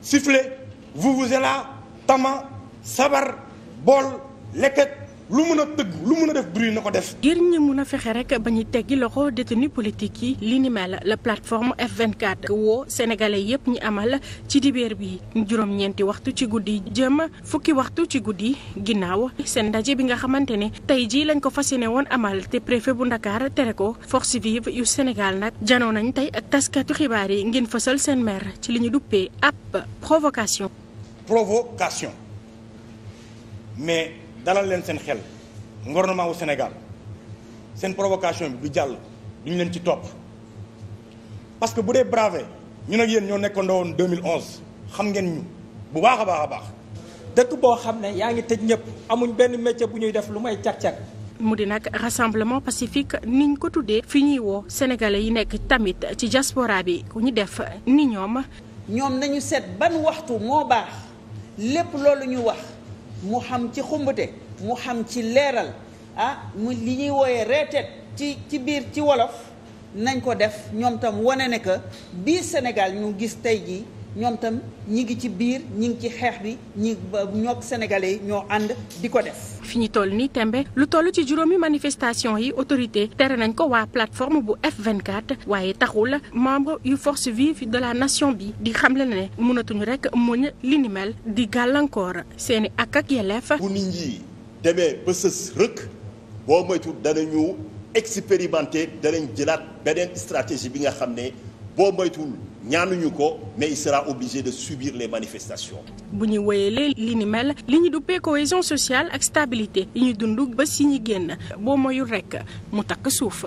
sifflet vuvuzela tama sabar bool leket lu mën a tëgg lu mën def bruit na ko def. ngir ñu mun a fexe rek ba ñu teggi loxo détenu politique yi li ni mel la plateforme F24 woo sénégalais yëpp ñu amal ci dibeer bi juróom-ñeenti waxtu ci guddi jëm fukki waxtu ci guddi ginnaaw seen ndaje bi nga xamante ne tey jii lañ ko fas yéene woon amal te préfet bu Ndakaar tere ko force vive yu Sénégal nag janoo nañ tey ak taskatu xibaar yi ngeen fësal seen mer ci li ñu duppee ab provocation. provocation dalal leen seen xel gouvernement wu Sénégal seen provocation bi du jàll duñu leen ci topp parce que bu dee bravé ñu ak yéen ñoo nekkandoo woon 2011 xam ngeen ñu bu baax a baax a baax. dëkk boo xam ne yaa ngi tëj ñëpp amuñ benn métier bu ñuy def lu may cag-cag mu di nag rassemblement pacifique niñ ko tuddee fi ñuy woo sénégalais yi nekk tamit ci diaspora bi ku ñu def ni ñoom ñoom nañu seet ban waxtu moo baax lépp loolu ñu wax mu xam ci xumbate mu xam ci leeral ah li ñuy wooyee reeteet ci ci biir ci wolof nañ ko def ñoom tam wane ne que biir Sénégal ñu gis tey jii ñoom tam ñi ngi ci biir ñi ngi ci xeex bi ñi ñoog yi ñoo ànd di ko def. fi ñu toll nii tembe lu toll ci juróomi manifestation yi autorité tere nañ ko waa plateforme bu F24 waaye taxul membre yu force vive de la nation bi di xamle ne mënatuñu rek muñ li ni mel di gàllankoor seeni ak ak yelleef. bu nit ñi demee ba sës rëkk boo moytu danañu expérimenter danañ jëlaat beneen stratégie bi nga xam ne boo moytuwul. ñaanuñu ko mais il sera obligé de subir les manifestations. bu ñu wéyalee li ni mel li ñu duppee cohésion sociale ak stabilité yi ñu dund ba si ñi génn boo moyul rekk mu takk suuf.